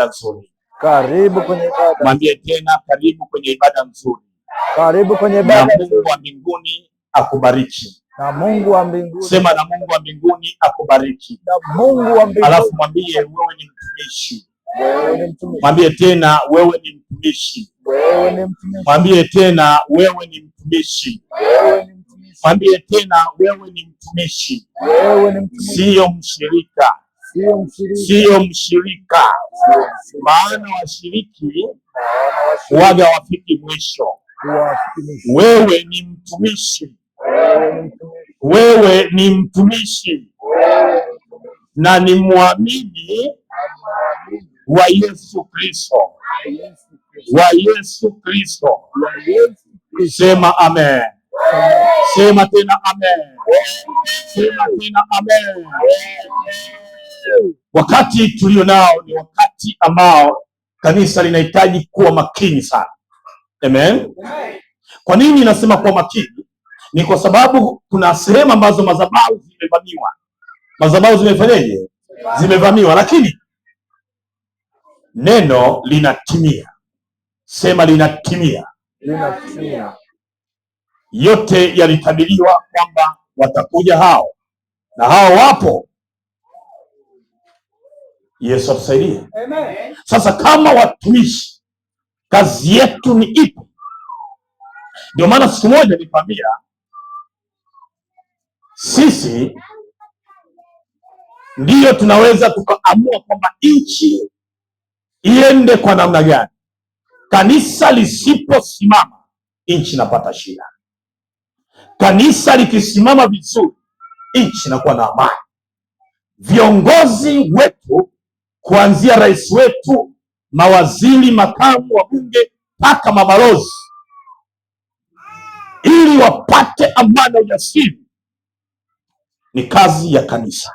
ibada nzuri. Karibu kwenye ibada. Mwambie tena, karibu kwenye ibada nzuri. Karibu kwenye ibada Na Mungu wa mbinguni akubariki. Na Mungu wa mbinguni. Sema na Mungu wa mbinguni akubariki. Na Mungu wa mbinguni. Alafu mwambie wewe ni mtumishi. Wewe ni mtumishi. Mwambie tena wewe ni mtumishi. Wewe ni mtumishi. Mwambie tena wewe ni mtumishi. Wewe ni mtumishi. Mwambie tena wewe ni mtumishi. Wewe ni mtumishi. Sio mshirika siyo mshirika, mshirika. Maana washiriki waga wafiki mwisho. Wewe ni mtumishi, wewe ni mtumishi na ni mwamini wa Yesu Kristo, wa Yesu Kristo. Sema amen. Sema tena amen. Sema tena amen. Wakati tulio nao ni wakati ambao kanisa linahitaji kuwa makini sana. Amen. Kwa nini nasema kuwa makini? Ni kwa sababu kuna sehemu ambazo madhabahu zimevamiwa. Madhabahu zimefanyaje? Zimevamiwa, lakini neno linatimia. Sema linatimia, linatimia. Yote yalitabiriwa kwamba watakuja hao, na hao wapo Yesu atusaidie. Amen. Sasa kama watumishi kazi yetu ni ipi? Ndio maana siku moja nilikwambia sisi ndiyo tunaweza tukaamua kwamba nchi iende kwa namna gani. Kanisa lisiposimama, nchi inapata shida. Kanisa likisimama vizuri, nchi inakuwa na amani. Viongozi wetu kuanzia rais wetu, mawaziri, makamu wa bunge mpaka mabalozi, ili wapate amani ya ujasiri. Ni kazi ya kanisa.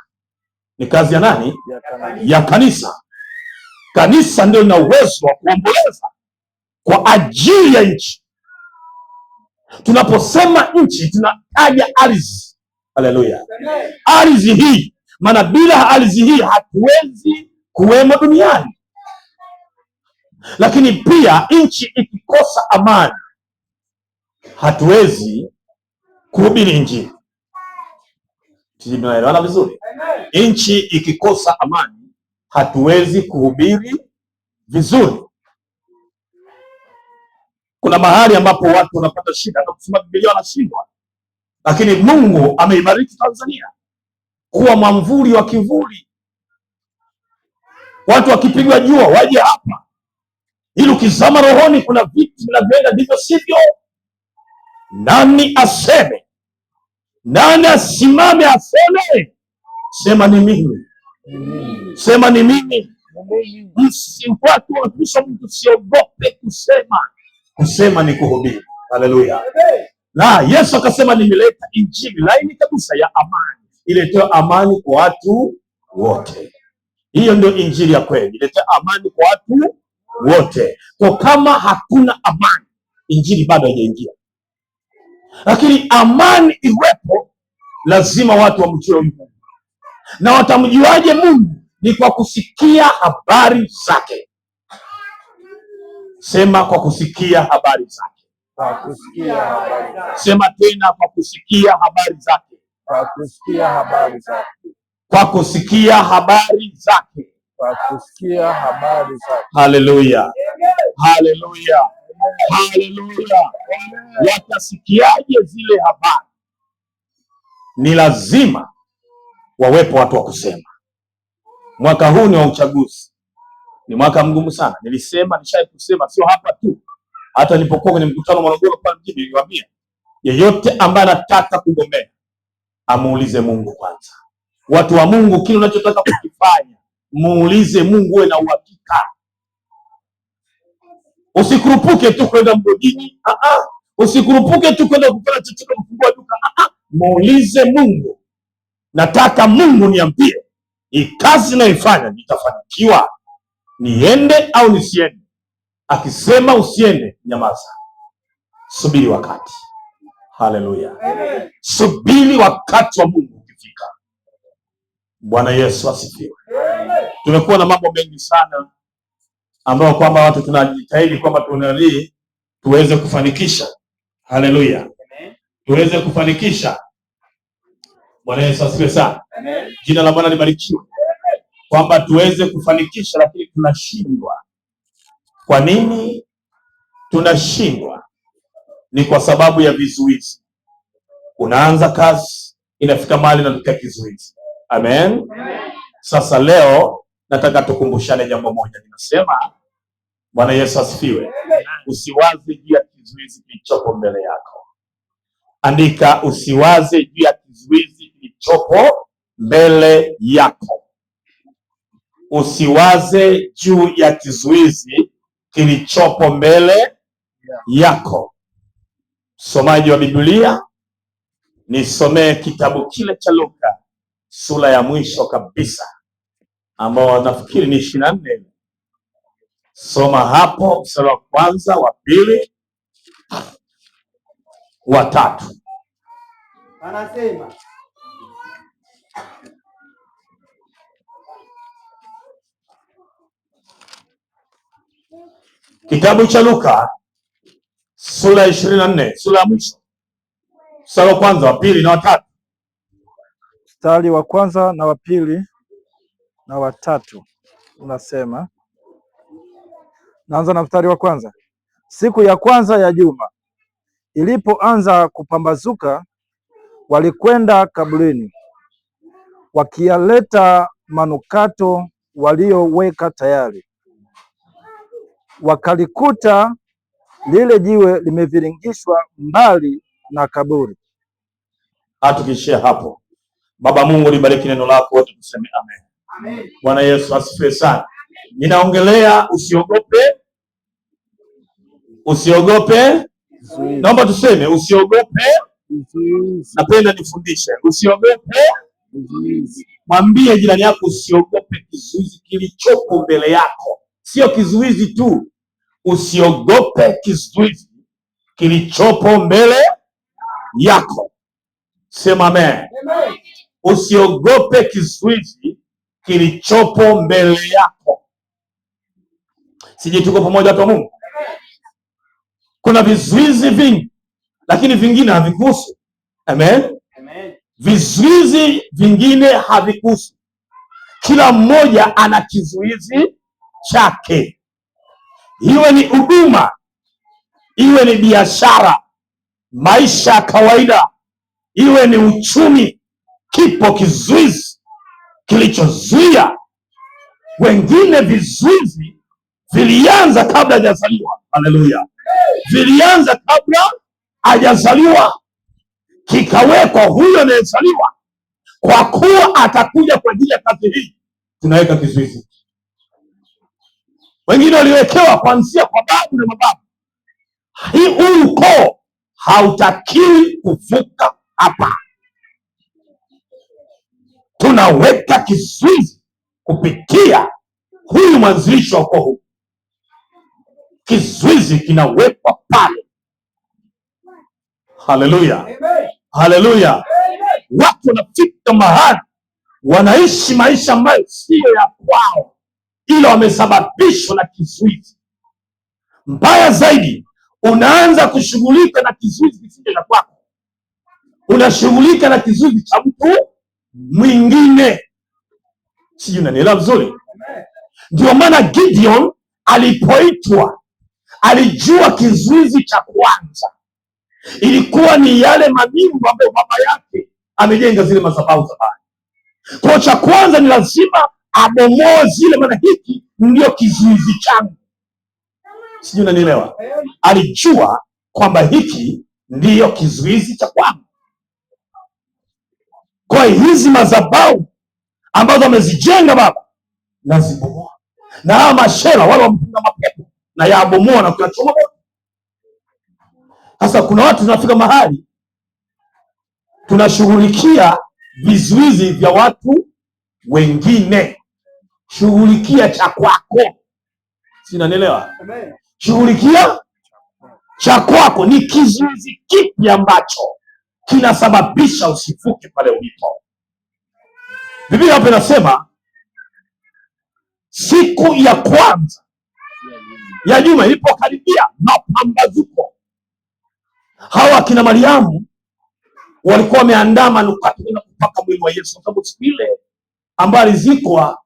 Ni kazi ya nani? Ya kanisa, ya kanisa. Kanisa ndio lina uwezo wa kuomboleza kwa ajili ya nchi. Tunaposema nchi, tunataja ardhi. Haleluya, ardhi hii, maana bila ardhi hii hatuwezi kuwemo duniani. Lakini pia nchi ikikosa amani, hatuwezi kuhubiri Injili. Tumeelewana vizuri? Nchi ikikosa amani, hatuwezi kuhubiri vizuri. Kuna mahali ambapo watu wanapata shida, hata kusoma Biblia wanashindwa, lakini Mungu ameibariki Tanzania kuwa mwamvuli wa kivuli Watu wakipigwa jua waje hapa, ili ukizama rohoni, kuna vitu vinavyoenda ndivyo sivyo. Nani aseme? Nani asimame aseme? Sema ni mimi, sema ni mimi. Watu wa mtu siogope kusema. Kusema ni kuhubiri. Haleluya! Na Yesu akasema, nimeleta injili laini kabisa ya amani, iletewa amani kwa watu wote. Hiyo ndio injili ya kweli, ilete amani kwa watu wote. Kwa kama hakuna amani, injili bado haijaingia. Lakini amani iwepo, lazima watu wamjue Mungu. Na watamjuaje Mungu? Ni kwa kusikia habari zake. Sema kwa kusikia habari zake. Kwa kusikia habari zake. Sema tena, kwa kusikia habari zake. Kwa kusikia habari zake kwa kusikia habari zake, kwa kusikia habari zake. Haleluya, haleluya, haleluya! Watasikiaje zile habari? Ni lazima wawepo watu wa kusema. Mwaka huu ni wa uchaguzi, ni mwaka mgumu sana. Nilisema, nishai kusema, sio hapa tu, hata nilipokuwa kwenye mkutano Morogoro pale mjini, niliwaambia yeyote ambaye anataka kugombea amuulize Mungu kwanza Watu wa Mungu, kile unachotaka kukifanya muulize Mungu, uwe na uhakika, usikurupuke tu kwenda mgodini, usikurupuke tu kwenda kupata chochote, kufungua duka. Muulize Mungu, nataka Mungu niambie hii kazi naifanya nitafanikiwa, niende au nisiende? Akisema usiende, nyamaza, subiri wakati. Haleluya, subiri wakati wa Mungu. Bwana Yesu asifiwe. Tumekuwa na mambo mengi sana ambayo kwamba watu tunajitahidi kwamba tunali tuweze kufanikisha. Haleluya, tuweze kufanikisha. Bwana Yesu asifiwe sana. Jina la Bwana libarikiwe, kwamba tuweze kufanikisha, lakini tunashindwa. Kwa nini tunashindwa? Ni kwa sababu ya vizuizi. Unaanza kazi, inafika mahali inatokea kizuizi Amen. Sasa leo nataka tukumbushane jambo moja, ninasema Bwana Yesu asifiwe. Usiwaze juu ya kizuizi kilichopo mbele yako. Andika, usiwaze juu ya kizuizi kilichopo mbele yako. Usiwaze juu ya kizuizi kilichopo mbele yako. Msomaji wa Biblia, nisomee kitabu kile cha Luka sura ya mwisho kabisa ambao nafikiri ni ishirini na nne. Soma hapo mstari wa kwanza, wa pili, wa tatu. Anasema kitabu cha Luka sura ya ishirini na nne, sura ya mwisho, mstari wa kwanza, wa pili na wa tatu. Mstari wa kwanza na wa pili na wa tatu unasema, naanza na mstari wa kwanza. Siku ya kwanza ya juma ilipoanza kupambazuka, walikwenda kaburini wakiyaleta manukato walioweka tayari, wakalikuta lile jiwe limeviringishwa mbali na kaburi. Hatukishia hapo, Baba Mungu, libariki neno lako, wote tuseme amen. Amen. Bwana Yesu asifiwe sana. Ninaongelea usiogope, usiogope. Naomba tuseme usiogope. Napenda nifundishe usiogope. Mwambie jirani yako usiogope kizuizi kilichopo mbele yako, sio kizuizi tu, usiogope kizuizi kilichopo mbele yako. Sema amen. Amen. Usiogope kizuizi kilichopo mbele yako. Sijui tuko pamoja, watu wa Mungu? Kuna vizuizi vingi, lakini vingine havikuhusu. Amen, amen. Vizuizi vingine havikuhusu. Kila mmoja ana kizuizi chake, iwe ni huduma, iwe ni biashara, maisha ya kawaida, iwe ni uchumi kipo kizuizi kilichozuia wengine. Vizuizi vilianza kabla hajazaliwa. Haleluya! Vilianza kabla hajazaliwa, kikawekwa huyo anayezaliwa, kwa kuwa atakuja kwa ajili ya kazi hii. Tunaweka kizuizi. Wengine waliwekewa kuanzia kwa babu na mababu, hii huu ukoo hautakiwi kuvuka hapa tunaweka kizuizi kupitia huyu mwanzilishi wa ukoo huu. Kizuizi kinawekwa pale. Haleluya, haleluya! Watu wanafika mahali wanaishi maisha ambayo siyo ya kwao, ila wamesababishwa na kizuizi. Mbaya zaidi, unaanza kushughulika na kizuizi kisicho cha kwako, unashughulika na kizuizi cha mtu mwingine. Sijui unanielewa vizuri? Ndio maana Gideon alipoitwa alijua kizuizi cha kwanza ilikuwa ni yale manyumba ambayo baba yake amejenga zile madhabahu za Baali. Kwa cha kwanza ni lazima abomoe zile, maana hiki ndio kizuizi changu. Sijui unanielewa? Alijua kwamba hiki ndiyo kizuizi cha kwangu kwa hizi madhabahu ambazo amezijenga Baba, nazibomoa na haya mashela wale wamepiga mapepo na yabomoa na kuyachoma Sasa kuna watu tunafika mahali tunashughulikia vizuizi vya watu wengine. Shughulikia cha kwako, si nanielewa Shughulikia cha kwako ni kizuizi kipi ambacho kinasababisha usivuke pale ulipo. Biblia hapa inasema siku ya kwanza ya juma ilipokaribia mapambazuko, hawa akina Mariamu walikuwa wameandaa manukato na kupaka mwili wa Yesu, kwa sababu siku ile ambayo alizikwa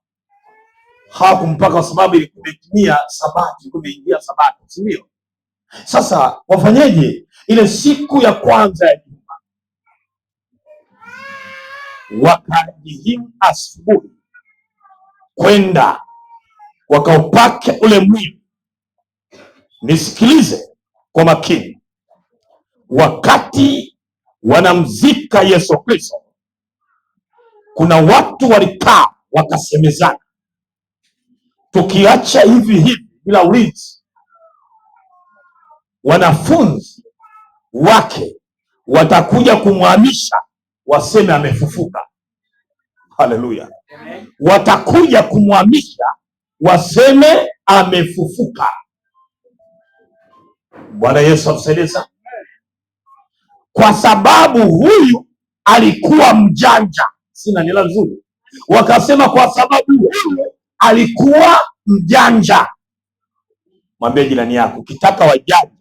hawakumpaka kwa sababu ilikuwa imetimia Sabato, ilikuwa imeingia Sabato, si ndio? Sasa wafanyeje ile siku ya kwanza ya wakajihimu asubuhi kwenda wakaupake ule mwili. Nisikilize kwa makini, wakati wanamzika Yesu Kristo, kuna watu walikaa wakasemezana, tukiacha hivi hivi bila ulinzi, wanafunzi wake watakuja kumhamisha waseme amefufuka. Haleluya! Watakuja kumwamisha waseme amefufuka. Bwana Yesu amsaidie sana, kwa sababu huyu alikuwa mjanja. Sina nila nzuri, wakasema kwa sababu huyu alikuwa mjanja. Mwambie jirani yako, ukitaka wajaji